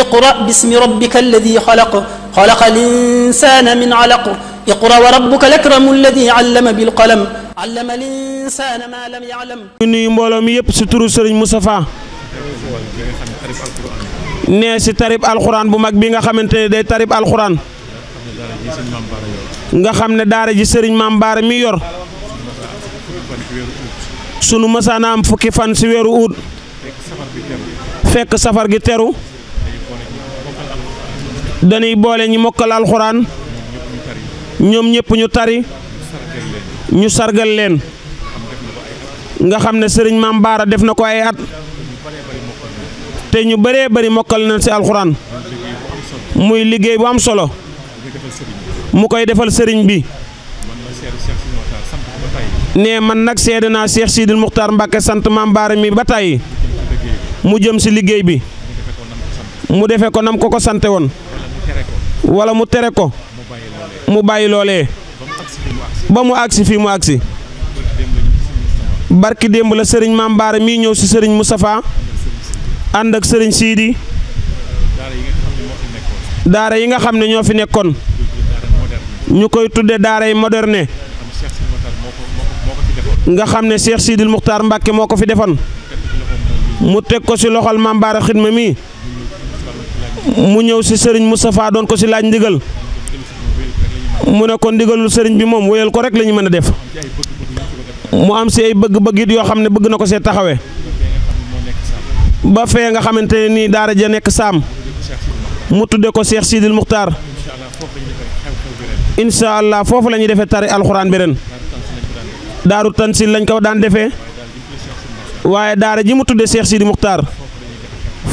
اقرأ باسم ربك الذي خلق خلق الإنسان من علق اقرأ وربك الأكرم الذي علم بالقلم علم الإنسان ما لم يعلم نيو مبولم ييب سترو سيرن مصطفى ني سي القران بو ماك بيغا خامتاني داي تاريب القران nga xamne daara ji serigne mambar mi yor sunu masana am fukki fan ci wëru dañuy boole ñi mokal alxuraan ñom ñëpp ñu tari ñu sargal leen nga xamne ne sëriñ maam def nako ay at te ñu bëree bëri mokal na si alxuraan muy liggéey bu am solo mu koy defal serigne bi ne man si seede Cheikh Sidil mukhtar mbake sant te Baara mi batay mu jëm si liggéey bi mu defee ko nam ko ko sante won wala mu tere ko mu bàyyi loolee ba mu agsi fii mu agsi barki démb la sëriñ Maam mii ñëw ci sëriñ Moustapha ànd ak sëriñ Siidi daara yi nga xam ne ñoo fi nekkoon ñu koy tuddee daara yi moderne nga xam ne Cheikh Sidil Muxtaar Mbàkke moo ko fi defoon mu teg ko ci loxol Maam Baara xidma mii mu ñëw si sëriñ Moustapha doon ko si laaj ndigal mu ne ko ndigalul sëriñ bi moom wéyal ko rek lañuy mën a def mu am si ay bëgg-bëgg yoo xam ne bëgg na ko see taxawe ba fee nga xamante ne nii daara ja nekk saam mu tudde ko Cheikh Sidil Muxtaar incha allah foofu lañuy ñuy defee tari alxuraan bi ren daaru tansil lañ ko daan defee waaye daara ji mu tudde Cheikh Sidil Muxtaar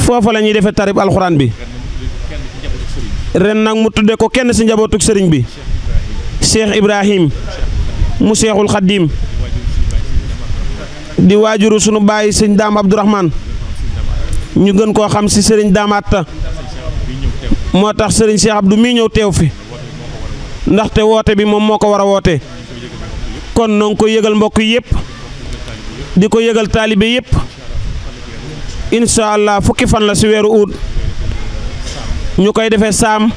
foofa la ñuy defee alxuraan bi ren nak mu tuddé ko kenn ci njabootug sëriñ bi Cheikh Ibrahim mu Cheikhul Khadim di wajuru sunu baye sëñ dam Abdourahman ñu gën ko xam ci sëriñ Daam motax sëriñ Cheikh Abdou mi ñew tew fi té woté bi mom moko wara woté kon noo ko yégal mbokk yépp di ko talibé yépp yëpp allah fukki fan la ci wéru ñu koy defee saam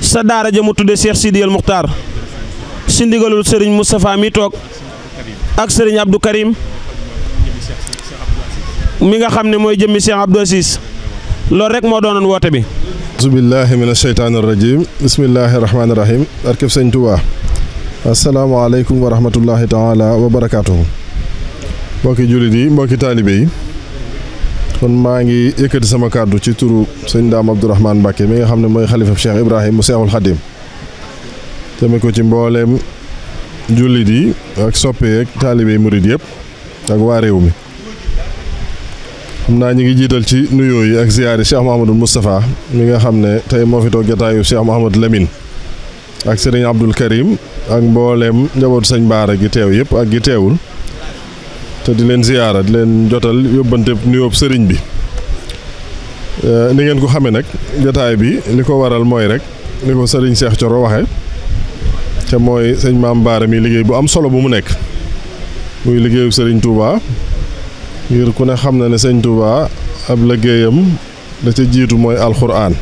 sa daara ja mu tudde Cheikh Sidiyal Muxtaar si ndigalul sëriñ Moustapha mi toog ak sëriñ Abdou Karim mi nga xam ne mooy jëmmi Cheikh Abdou Aziz loolu rek moo doonoon woote bi asubillahi min asheytaani rajim bismillahi rahmaani rahim arkib sëñ Touba asalaamaaleykum wa rahmatullahi taala wa barakaatuhu mbokki jullit yi mbokki taalibe yi kon maa ngi yëkkati sama kàddu ci turu sëñ Daam Abdourahmane Mbacke mi nga xam ne mooy xalifa Cheikh Ibrahim mu Seexul Xadim tamit ko ci mbooleem jullit yi ak soppe ak taalibe murid yëpp ak waa réew mi xam naa ñu ngi jiital ci nuyoo yi ak ziyaari Cheikh Mouhamadou Moustapha mi nga xam ne tey moo fi toog jataayu Cheikh Mouhamadou ak sëriñ Abdul Karim ak mbooleem njabootu sëñ Baara gi teew yëpp ak gi teewul te di leen ziyaara di leen jotal yóbbante nuyoob sëriñ bi eh, ni ngeen ko xamee nag jotaay bi li ko waral mooy rek li ko sëriñ seex Thioro waxee ca mooy sëñ Maam Baara mi liggéey bu am solo bu mu nekk muy liggéeyu sëriñ Touba ngir ku ne xam na ne sëñ Touba ab liggéeyam da ca jiitu mooy alxuraan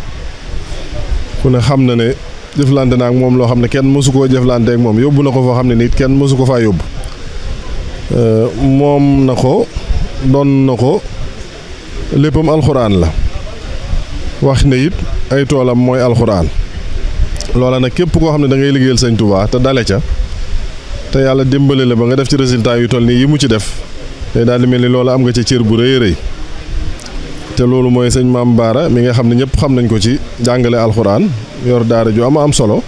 ku ne xam na ne jëflante naak moom loo xam ne kenn mësu koo jëflante ak moom yóbbu na ko foo xam ne nit kenn mësu ko faa yóbbu Euh, moom na ko doon na ko léppam alxuraan la wax ne it ay toolam mooy alxuraan loola na képp koo xam ne dangay ngay liggéeyal sëñ Tuubaa te dale ca te yàlla dimbale la ba nga def ci résultat yu toll nii yi mu ci def day daal di mel ni loola am nga ca cër bu rëy rëy te loolu mooy sëñ Maam Baara mi nga xam ne ñëpp xam nañ ko ci jàngale alxuraan yor daara ju am am solo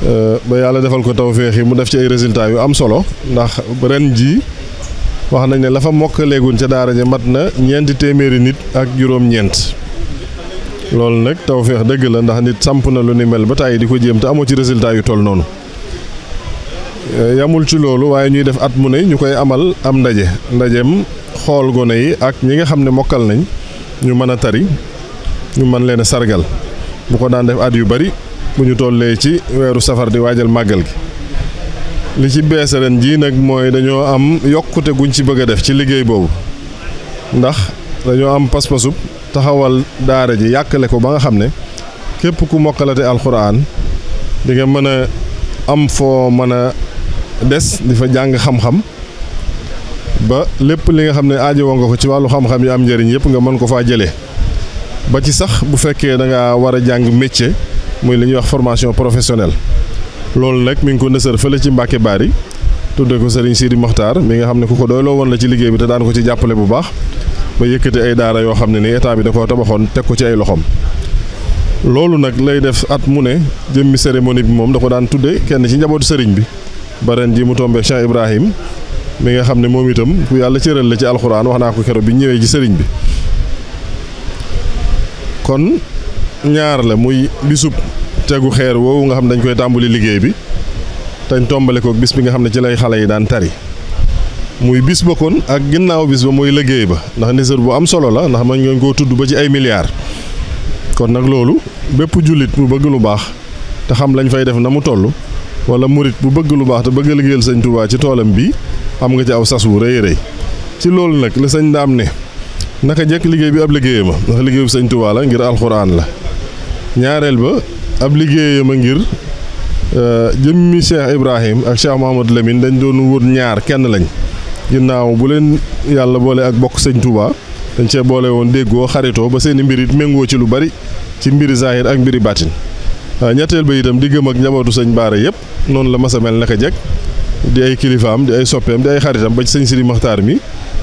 Euh, ba yàlla defal ko tawféex yi mu def ci ay résultats yu am solo ndax ren jii wax nañ ne la fa mokk ca daara ja mat na ñeenti téeméeri nit ak juróom-ñeent loolu nag tawféex dëgg la ndax nit samp na lu ni mel ba tàyyi di ko jéem te amoo ci résultat yu toll noonu euh, yamul ci loolu waaye ñuy def at mu ne ñu koy amal am ndaje ndajeem xool gone yi ak ñi nga xam ne mokkal nañ ñu mën a tari ñu mën leen a sargal bu ko daan def at yu bari bu ñu tollee ci weeru safar di waajal màggal gi li ci bees ren jii nag mooy dañoo am yokkute guñ ci bëgg a def ci liggéey boobu ndax dañoo am pas-pasub taxawal daara ji yàkkale ko ba nga xam ne képp ku mokkalate alxuraan di nga mën a am foo mën a des di fa jàng xam-xam ba lépp li nga xam ne aajowoo nga ko ci wàllu xam-xam yi am njëriñ yëpp nga mën ko faa jëlee ba ci sax bu fekkee da nga war a jàng métier. muy li ñu wax formation professionnelle loolu nag mi ngi ko nësër fële ci Mbàkke Baari tudde ko Serigne Sidi Mokhtar mi nga xam ne ku ko doyloo woon la ci liggéey bi te daan ko ci jàppale bu baax ba yëkkati ay daara yoo xam ne ni état bi da koo tabaxoon teg ko ci ay loxoom. loolu nag lay def at mu ne jëmmi cérémonie bi moom da ko daan tudde kenn ci njabootu sëriñ bi ba ren ji mu tombe Cheikh Ibrahim mi nga xam ne moom itam ku yàlla cëral la ci alxuraan wax naa ko keroog bi ñëwee ci sëriñ bi ñaar la muy bisub tegu xeer woowu nga xam dañ koy tàmbali liggéey bi tañ tombale ko bis bi nga xam ne ci lay xale yi daan tari muy bis bokkoon ak ginnaaw bis ba mooy liggéey ba ndax nisër bu am solo la ndax man ngeen koo tudd ba ci ay milliards kon nag loolu bépp jullit bu bëgg lu baax te xam lañ fay def na mu toll wala murit bu bëgg lu baax te bëgg liggéeyal sëñ Tuubaa ci toolam bi am nga ci aw sas wu rëy rëy ci loolu nag la sëñ daam ne nak jekk liggéey bi ab liggéeyam ma ndax liggéey bu sëñ Tuubaa alxuraan la ñaareel ba ab liggéeyam a ngir euh, jëmmi Cheikh Ibrahim ak Cheikh Mouhamadou Lamine dañ doon wut ñaar kenn lañ ginnaaw bu leen yàlla boole ak bokk sëñ Touba dañ cee boole woon déggoo xaritoo ba seeni mbir it méngoo ci lu bari ci mbiri zahir ak mbiri baatin euh, ñetteel ba itam di gëm ak njabootu sëñ Baara yëpp noonu la mas a mel naka jekk di ay kilifaam di ay soppeem di ay xaritam ba ci sëñ Sidi Maxtaar mi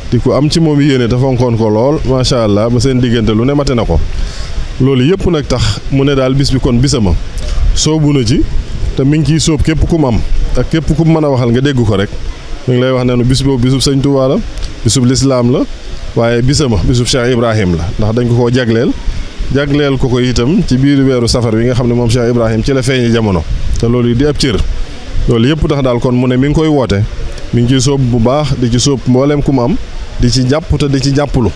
di ko am ci moom yéene te fonkoon ko lool macha allah ba seen diggante lu ne na ko. loolu yëpp nag tax mu ne daal bis bi kon ma soobu na ci te mi ngi ciy sóob képp ku mu am ak képp ku mën a waxal nga dégg ko rek mu ngi lay wax ne bis boobu bisub sëñ Tuubaa la bisub lislaam la waaye bisama bisub Cheikh Ibrahim la ndax dañ ko koo jagleel jagleel ko ko itam ci biir weeru safar wi nga xam ne moom Cheikh Ibrahim ci la feeñi jamono te loolu yi di ab cër loolu yëpp tax daal kon mu ne mi ngi koy woote mi ngi ciy soob bu baax di ci sóob mbooleem ku mu am di ci jàpp di ci jàppalu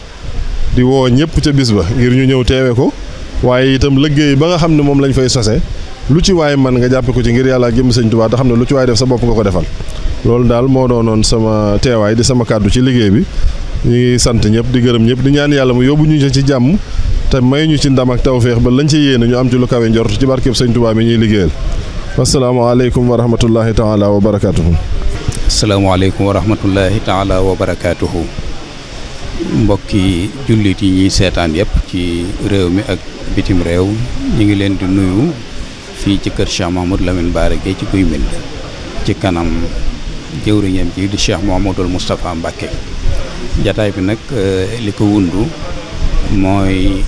di woo ñëpp ca bis ba ngir ñu ñëw teewe ko waaye itam liggéey ba nga xam ne moom lañ fay sose lu ci waay man nga jàppe ko ci ngir yàlla jëm sëñ Tuubaa te xam ne lu ci waay def sa bopp nga ko defal loolu daal moo doonoon sama teewaay di sama kàddu ci liggéey bi ñuy sant ñëpp di gërëm ñëpp di ñaan yàlla mu yóbbu ñu ci jàmm te may ñu ci ndam ak tawféex ba lañ ci yéene ñu am ci lu kawe njort ci barkeb sëñ Tuubaa mi ñuy liggéeyal asalaamaaleykum wa rahmatullahi taala wa barakaatuhu asalaamaaleykum wa rahmatullahi taala wa barakaatuhu mbokki jullit yi ñuy seetaan yëpp ci réew mi ak bitim réew ñu ngi leen di nuyu fii ci kër Cheikh Mahmoud Lamine Bara Gueye ci Guy Mbind ci kanam jëwriñam ji di Cheikh Mouhamadoul Moustapha Mbacké jataay bi nag eh, li ko wundu mooy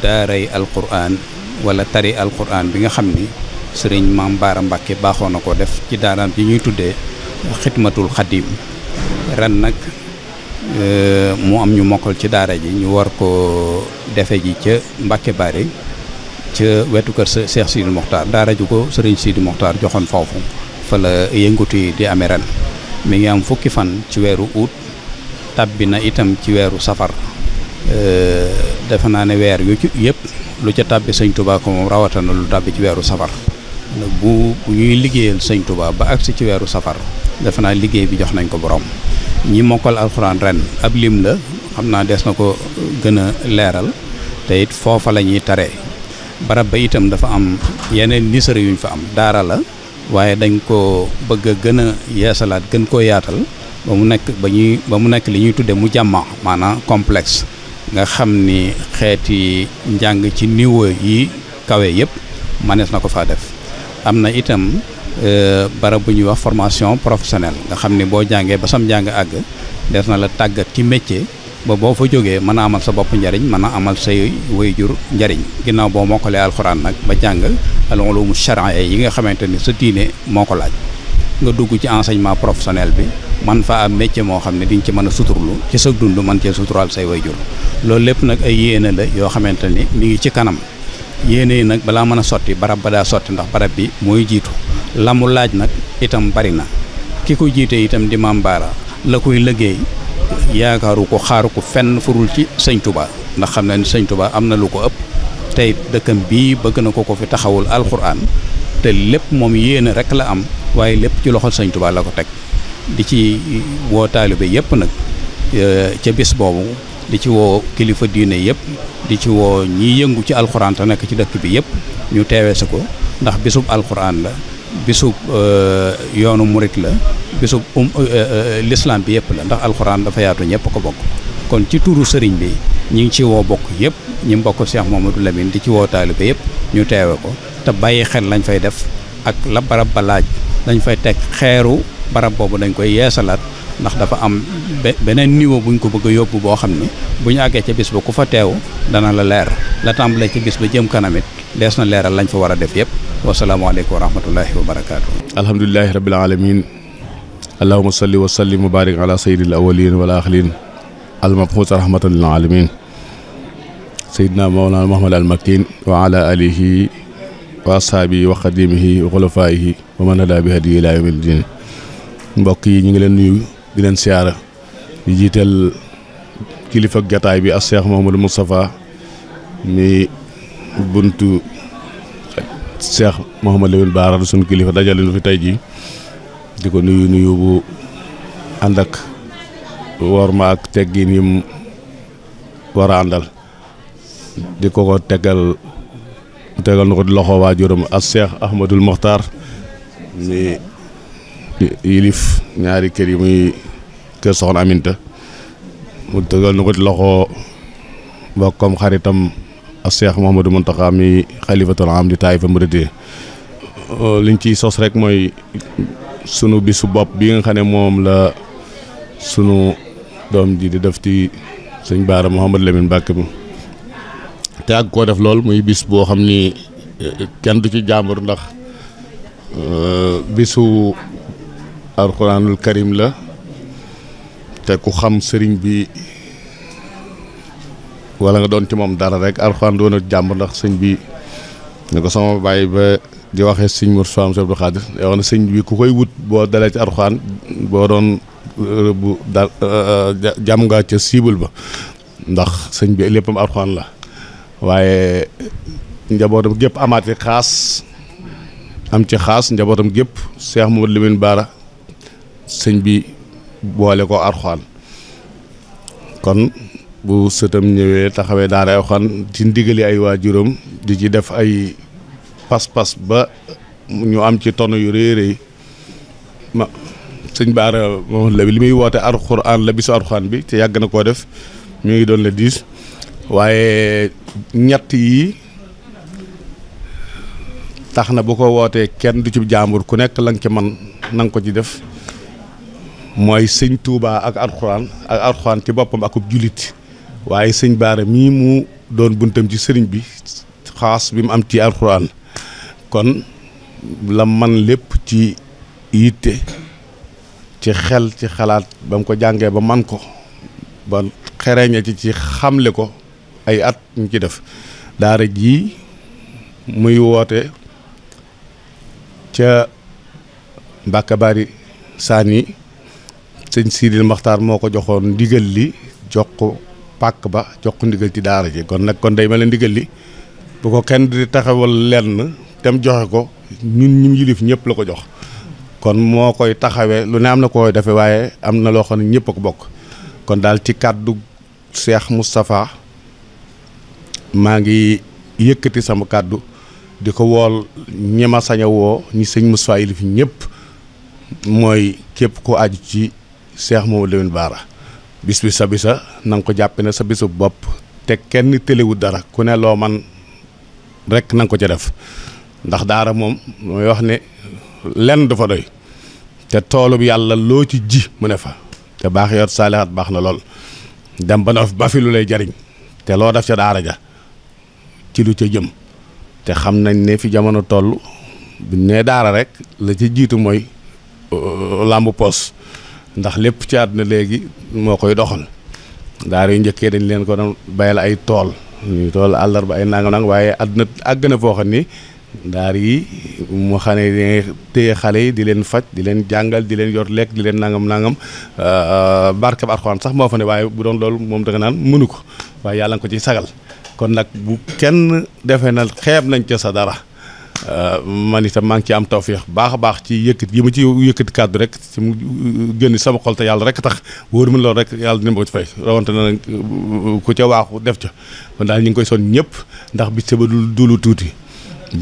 daaray alquran wala tari alquran bi nga xam ni sëriñ Maam Bara Mbacké baaxoo na ko def ci daaraam ji ñuy tuddee xidmatul xadim ren nag Euh, mu am ñu mokal ci daara ji ñu war ko defe ji ci mbacké bari ci wetu kër cheikh sidi mokhtar daara ju ko serigne sidi mokhtar joxon fofu fa la yëngutu di amee mi ngi am fukki fan ci wéru août tabina itam ci wéru safar euh, defe na ne wér yu ci yëpp lu ci tabbi serigne touba ko rawata na lu tabbi ci wéru safar bu bu ñuy liggéeyal serigne touba ba ak ci wéru safar defe naa liggéey bi jox nañ ko borom ñi mokkal alxuraan ren ab lim la xam naa des na ko gën a leeral te it foofa la ñuy taree barab ba itam dafa am yeneen nisara yuñ fa am daara la waaye dañ ko bëgg a gën a yeesalaat gën koo yaatal ba mu nekk ba ñuy ba mu nekk li ñuy tudde mu jàmma maanaam complexe nga xam ni xeeti njàng ci niveau yi kawe yëpp manees na ko faa def am na itam Euh, barab bu ñuy wax formation professionnelle nga xam ni boo jàngee ba sam jàng àgg des na la tàggat ci métier ba boo fa jógee mën a amal sa bopp njariñ mën a amal say jur njariñ ginnaaw boo mokkalee alxuraan nag ba jàng al ulumu charia yi nga xamante ni sa diine moo ko laaj nga dugg ci enseignement professionnel bi man fa am métier moo xam ne di ci mën a suturlu ci sa dund mën cee suturaal say wayjur loolu lépp nag ay yéene la yoo xamante ni mi ngi ci kanam yéene yi nag balaa mën a sotti barab ba daa sotti ndax barab bi mooy jiitu lamu laaj nag itam bari na ki ko jiite itam di maam baara la koy liggéey yaakaaru ko xaaru ko fenn furul ci sëñ Touba ndax xam na ni sëñ am na lu ko ëpp tey dëkkam bii bëgg na ko ko fi taxawul alxuraan te lépp moom yéene rek la am waaye lépp ci loxol sëñ Touba la ko teg di ci woo taalibe yépp nag eh, ca bis boobu di ci wo kilifa diine yep di ci wo ñi yëngu ci alquran ta nek ci dëkk bi yep ñu téwé sako ndax bisub alquran la bisub euh, yoonu murit la bisub um euh, euh, l'islam bi yep la ndax alquran dafa yaatu ñep ko bokk kon ci turu serigne bi ñi ngi ci wo bokk yep ñi mbokk Cheikh Mamadou Lamine di ci wo talib yep ñu téwé ko ta bayyi xel lañ fay def ak la barab ba laaj dañ fay tek xéeru barab bobu dañ koy yéssalat ndax dafa am beneen niveau buñ ko bëgg a yóbbu boo xam ni bu ñu àggee ca bis ba ku fa teew dana la leer la tàmbalee ca bis ba jëm kanamit dees na leeral lañ fa war a def yëpp wasalaamaaleykum wa rahmatullahi wa barakaatu. alhamdulilahi rabbil alamin allahuma salli wa sallim wa barik ala sayyidil awalin wal axirin almabxuus rahmatan lil alamin sayyidina mawlana muhammad al wa ala alihi wa ashaabihi wa xadimihi wa xulafaayihi wa mbokk yi ñu ngi leen nuyu di leen siyaara di jiital kilifa ak jataay bi a Cheikh Mouhamadou Moustapha mi buntu Cheikh Mouhamadou Lamine Bara sunu kilifa dajale nu fi tey jii di ko nuyu nuyu bu ànd ak worma ak teggin yi war a àndal di ko ko tegal tegal na ko di loxo waajuram ak Cheikh Ahmadul Mokhtar mi yilif ñaari kër yi muy kër soxna Aminta mu tëgal na ko ci loxo bokkam xaritam ak Cheikh Mouhamadou Mountakha mi xalifatul am di Taïfa Muridiyya euh, liñ ciy sos rek mooy sunu bisu bopp bi nga xam ne moom la sunu doom ji di def ci suñ Baara Mouhamadou Lamine Mbàkke bi te ak koo def lool muy bis boo xam ni euh, kenn du ci jàmbur ndax euh, bisu alxuraanul karim la te ku xam sëriñ bi wala nga doon ci moom dara rek alxuraan doon ak ndax sëñ bi ni ko sama bàyyi ba di waxee sëñ Mor Soham Abdou sëñ bi ku koy wut boo dalee ci alxuraan boo doon euh, bu dal euh, jàmm nga ca siibul ba ndax sëñ bi léppam alxuraan la waaye njabootam gépp amaat ci xaas am ci xaas njabootam gépp Cheikh Mamadou Lamine Bara sëñ bi boole ko arxaan kon bu sëtam ñëwee taxawee daara arxaan ci ndigali ay waajuram di ci def ay pas-pas ba ñu am ci ton yu rëy rëy ma sëñ Baara moom li muy woote alxuraan la bisu alxuraan bi te yàgg na koo def ñu ngi doon la diis waaye ñett yi tax na bu ko wootee kenn du ci jaambur ku nekk la nga ci man na ko ci def mooy sëñ Touba ak alxuraan ak alxuraan ci boppam akub jullit waaye sëñ Baara mii mu doon buntam ci sëriñ bi xaas bi mu am ci alxuraan kon la man lépp ci yitte ci xel ci xalaat ba mu ko jàngee ba man ko ba xereñe ci ci xamle ko ay at ñu ci def daara jii muy woote ca Mbàkke Bari Saani sëñ Sidil Maxtaar moo ko joxoon ndigal li jox ko pàkk ba jox ko ndigal ci daara ji kon nag kon day mel ne ndigal li bu ko kenn di taxawal lenn tem joxe ko ñun ñim yilif ñëpp la ko jox kon moo koy taxawee lu ne am na koy defee waaye am na loo xam ne ñëpp a ko bokk kon daal ci kàddu Cheikh Moustapha maa ngi yëkkati sama kàddu di ko wool ñi sañawoo sañ a woo ñi sëñ Moustapha yilif ñëpp mooy képp ko aju ci Cheikh Mamadou Lamine Bara bis bi sa bisa na ko jàppe na sa bisu bopp te kenn téléwut dara ku ne loo man rek na ko ca def ndax daara moom mooy wax ne lenn du fa doy te toolub yàlla loo ci ji mu ne fa te baax yor saalihaat baax na lool dem ba na ba fi lu lay jariñ te loo def ca daara ja ci lu ca jëm te xam nañ ne fi jamono toll bu nee daara rek la ci jiitu mooy euh, làmbu poos ndax lépp ci àdduna léegi moo koy doxal daar yu njëkkee dañ leen ko bay la ay tool ñuy tool àllarba ay nangam nangam waaye àdduna àgg na foo xam ni daar yi mu xam ne dangay xale yi di leen faj di leen jàngal di leen yor lekk di leen nangam nangam euh, barkab Alxuraan sax moo fa ne waaye bu doon loolu moom danga naan mënu ko waaye yàlla nga ko ci sagal kon nag bu kenn defee na xeeb nañ ca sa dara Euh, man itam maa ngi ci am tawféex baax a baax ci yëkkati yi ma ci yëkkati kàddu rek ci mu génn sama xol te yàlla rek a tax wóor ma loolu rek yàlla dina ma ko ci fay rawante na euh, ku ca waaxu def ca kon daal ñu ngi koy son ñëpp ndax bi sa ba dulu tuuti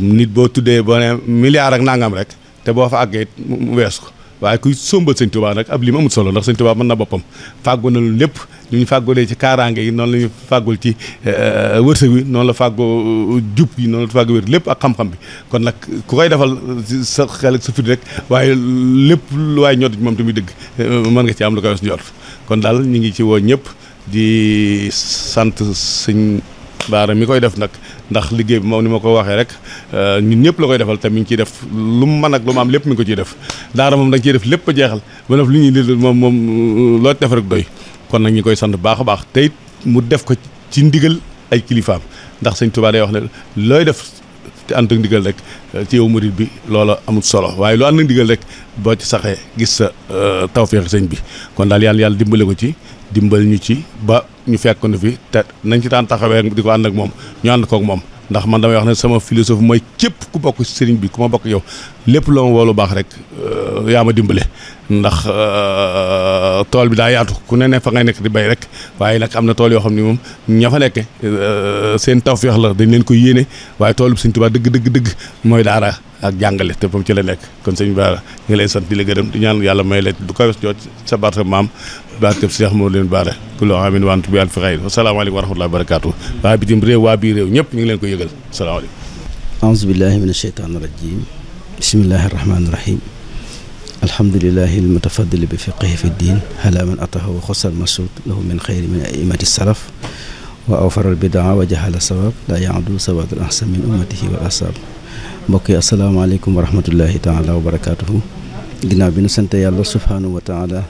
nit boo tuddee boo ne milliard ak nangam rek te boo fa àggee mu wees ko waaye kuy sombal sëñ Tuubaa nag ab lim amul solo ndax sëñ Tuubaa mën na boppam fàggu na lu lépp ñu ñu fàggulee ci kaaraange yi noonu la ñu fàggul ci euh, wërsëg wi noonu la fàggoo euh, jub yi noonu la fàggu wér lépp ak xam-xam bi kon nag ku koy defal sa xel ak sa fit rek waaye lépp lu waay ñor ci moom tamit dëgg euh, mën nga ci am lu koy was njort kon daal ñu ngi ci woo ñëpp di sant sëñ baara mi koy def nag ndax liggéey bi moom ni ma ko waxee rek euh, ñun ñëpp la koy defal te mi ngi ciy def lu mu mën ak lu mu am lépp mi ko ciy def daara moom da nga def lépp a jeexal ba def ñuy li moom moom euh, loo def rek doy kon nag ñi koy sant baax a baax te mu def ko ci ndigal ay kilifaam ndax sëñ Tuubaa day wax ne looy def te ànd ak ndigal rek euh, ci yow murit bi loola amul solo waaye lu ànd ak ndigal rek boo ci saxee gis sa tawféexi sëñ bi kon daal yàlla yàlla dimbale ko ci dimbal ñu ci ba ñu fekk nu fi te nañ ci daan taxawee di ko ànd ak moom ñu ànd kook moom ndax man damay wax ne sama philosophie mooy képp ku bokk sëriñ bi ku ma bokk yow lépp loo ma woolu baax rek euh, yaa ma dimbale ndax euh, tool bi daa yaatu ku ne ne fa ngay nekk di bay rek waaye nag am na tool yoo xam ne moom ña fa nekke euh, seen tawfeex la dañ leen ko yéene waaye tool bi Sëriñ Tuubaa dëgg dëgg dëgg mooy daara ak jàngale te fam ci la nek kon seigne ba ngi lay sant di la gërëm di ñaan yàlla may lay du ko wess jot sa barke mam barke Cheikh moo leen baare ku loo amin wantu bi alfi xayr alaykum wa rahmatullahi wa barakaatu waa bitim rew wa bi rew ñep ñu ngi leen ko yëgal alaykum a'udhu billahi minash shaitanir irajim bismillahi arrahmani rahim الحمد لله المتفضل بفقه في الدين هلا من أطه وخص المسود له من خير من أئمة السلف وأوفر wa وجهل albidaa لا يعدو sawab الأحسن من أمته والأصاب mbokk yi asalaamaaleykum wa rahmatullahi taala wa barakaatuhu ginnaaw bi nu sant yàlla subhaanahu wa taala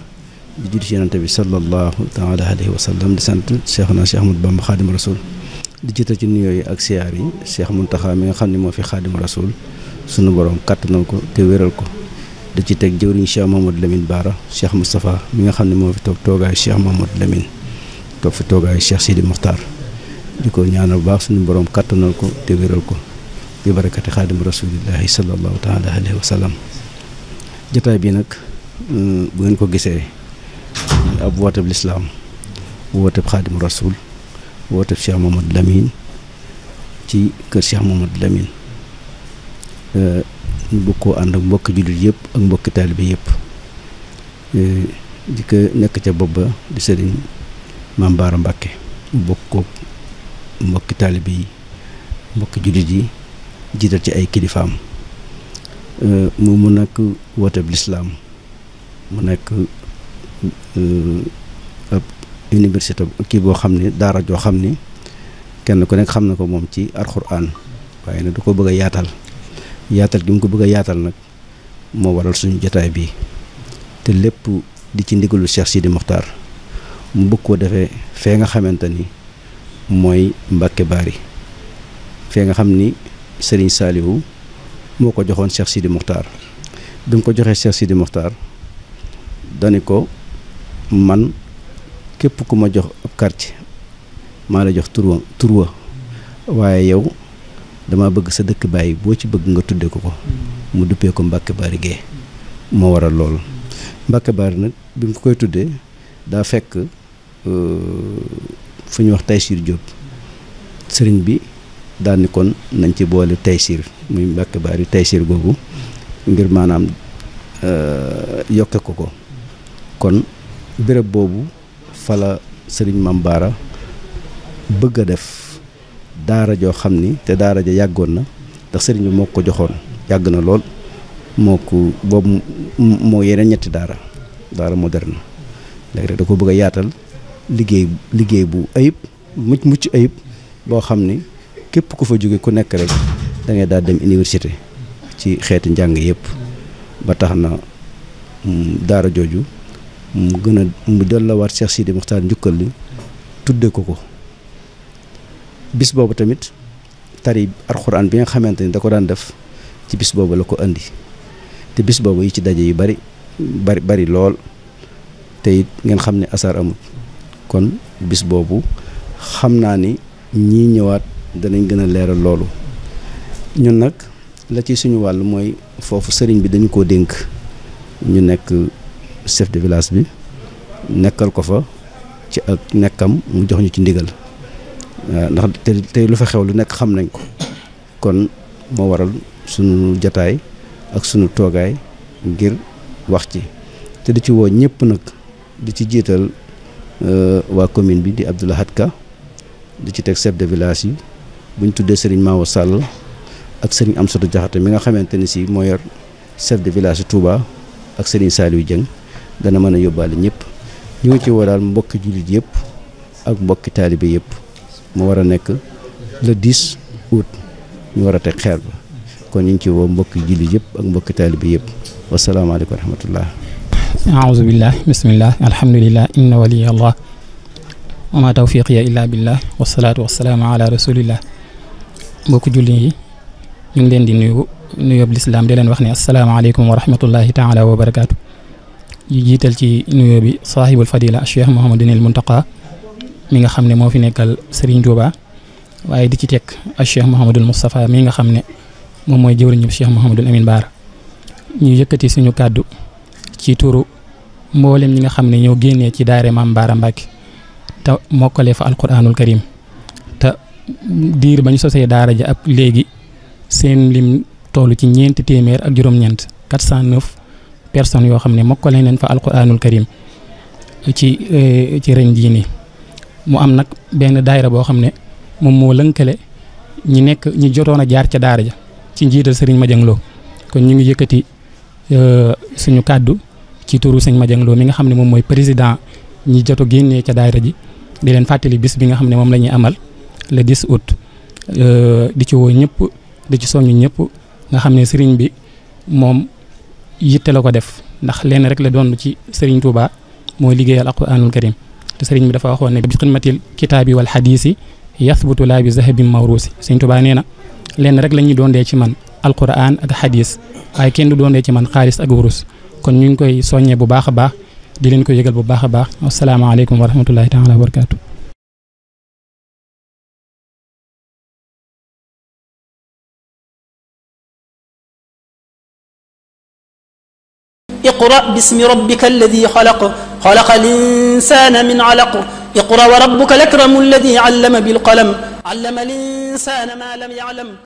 di judi ci yonante bi sallallahu taala alayhi wa sallam di sant Cheikhna Cheikh Ahmadou Bamba Xaadimu Rasul di jiital ci nuyoo yi ak siyaar yi Cheikh Muntaxa mi nga xam ni moo fi Xaadimu Rasul sunu borom kàttanal ko te wéral ko di ci teg jëwriñ Cheikh Mamadou Lamine Baara Cheikh Moustapha mi nga xam ne moo fi toog toogaayu Cheikh Mamadou Lamine toog fi toogaayu Cheikh Sidi Mokhtar di ko ñaanal baax suñu borom kàttanal ko te wéral ko bi barakati xaadim rasulillahi sallallahu taala alayhi jotaay bi nag mm, bu ngeen ko gisee ab wooteb lislaam wooteb xaadim rasul wooteb Cheikh Mamadou Lamine ci kër Cheikh Mamadou Lamine ñu bëgg koo ànd ak mbokki jullit yépp ak mbokki taalibe yëpp di ko nekk ca bopp ba di sëriñ Maam Baara Mbàkke bokk ko mbokki taalibe yi mbokki jullit yi jiital ci ay kilifaam euh, mu mu nekk wooteeb lislaam mu nekk euh, ab université kii boo xam ne daara joo xam ni kenn ku nekk xam na ko moom ci alxuraan waaye nag du ko bëgg a yaatal yaatal gi mu ko bëgg yaatal nag moo waral suñu jotaay bi te lépp di ci ndigalu Cheikh Sidi Mokhtar mu bëgg koo defee fee nga xamante ni mooy Mbàkke Baari fee nga xam ni sëriñ Saaliwu moo ko joxoon Cheikh Sidi Muxtaar bi mu ko joxee Cheikh Sidi Muxtaar dani ko man képp ku ma jox ab karti maa la jox turwa turwa waaye yow dama bëgg sa dëkk bàyyi boo ci bëgg nga tudde ko ko mu duppee ko Mbàkke Baari Gee moo a lool Mbàkke Baari nag bi mu ko koy tuddee daa fekk euh, fu ñu wax Taysiir Jóob sëriñ bi daal kon nañ ci boole taysir muy Mbàkke Baari taysir googu ngir maanaam euh, yokke ko ko kon béréb boobu fala sëriñ Mam Baara bëgg a def daara joo xam ni te daara ja yàggoon na ndax sëriñ bi moo ko joxoon yàgg na lool moo ko boobu moo yeneen ñetti daara daara moderne léegi rek da ko bëgg a yaatal liggéey liggéey bu ayib mucc mucc ayib boo xam ni képp ku fa jóge ku nekk rek da ngay daal dem université ci xeeti njàng yépp ba tax na mm, daara jooju mu gën a mu delluwaat Cheikh Sidi Muxtaar njukkal li tudde ko ko bis boobu tamit tari alxuraan bi nga xamante ni da ko daan def ci bis boobu la ko andi te bis boobu yi ci daje yu bari bari bari lool te it ngeen xam asar amut kon bis boobu xam naa ni ñii ñëwaat danañ gën a leeral loolu ñun nag la ci suñu wàll mooy foofu sëriñ bi dañu koo dénk ñu nekk chef de village bi nekkal ko fa ci ak nekkam mu jox ñu ci ndigal ndax te tey lu fa xew lu nekk xam nañ ko kon moo waral suñu jataay ak sunu toogaay ngir wax ci te di ci woo ñëpp nag di ci jiital euh, waa commune bi di Abdoulahat Ka di ci teg chef de village yi bu ñu tuddee sëriñ Mawa Sall ak am Amsatu Jaxate mi nga xamante ni si moo yor chef de village Touba ak sëriñ Saliou Dieng dana mën a yóbbaale ñëpp ñu ngi ci woo daal mbokki jullit yëpp ak mbokki taalibe yëpp mu war a nekk le 10 août a teg xeer ba kon ñu ngi ci woo mbokki jullit yëpp ak mbokki taalibe yëpp wasalaamaaleykum wa rahmatullah aouzu billah wa ma tawfiqiya illa billah mbokku julli yi ñu ngi leen di nuyu nuyoob lislaam di leen wax ne asalaamaaleykum wa rahmatullahi taala wa barakaatu ñu jiital ci nuyoo bi sahibul fadila cheikh Mouhamadunil Muntaqa mi nga xam ne fi nekkal Serigne Touba waaye di ci teg cheikh Mouhamadul Moustapha mi nga xam ne moom mooy jëwriñu cheikh Mouhamadul Amin Baara ñu yëkkati suñu kàddu ci turu mboolem ñi nga xam ne ñoo génnee ci daare Maam Baara Mbàkke te mokkale fa alquranul karim diir bañu sosé dara ja ap légui seen lim tolu ci ñent témèr ak juroom ñent 409 personnes yo xamné mako mokkale nañ fa alquranul karim ci euh, ci reñ jii mu am nak ben daayira bo xamné mom mo moo ñi nekk ñi jottona jaar ca dara ja ci njital serign ma janglo kon ñi ngi euh suñu kaddu ci turu serign ma janglo mi nga xamné mom moy président ñi jottu génné ca daayira ji di len fatali bis bi nga xamné mom lañuy amal le 10 août euh, di ci woo ñëpp di ci soññ ñëpp nga xam ne sëriñ bi moom yitte la ko def ndax lenn rek la doon ci sëriñ Touba moo liggéeyal alquranul karim te sëriñ bi dafa waxoon ne bi xidmatil kitaabi wal xadiisi yathbutu laa bi zahabin mawruusi sëriñ Touba nee na lenn rek la ñuy doondee ci man alquran ak xadiis waaye kenn du doondee ci man xaalis ak wurus kon ñu ngi koy soññee bu baax a baax di leen ko yëgal bu baax a baax wasalaamaaleykum wa rahmatullahi taala wa barakaatu اقرأ باسم ربك الذي خلق خلق الإنسان من علق اقرأ وربك الأكرم الذي علم بالقلم علم الإنسان ما لم يعلم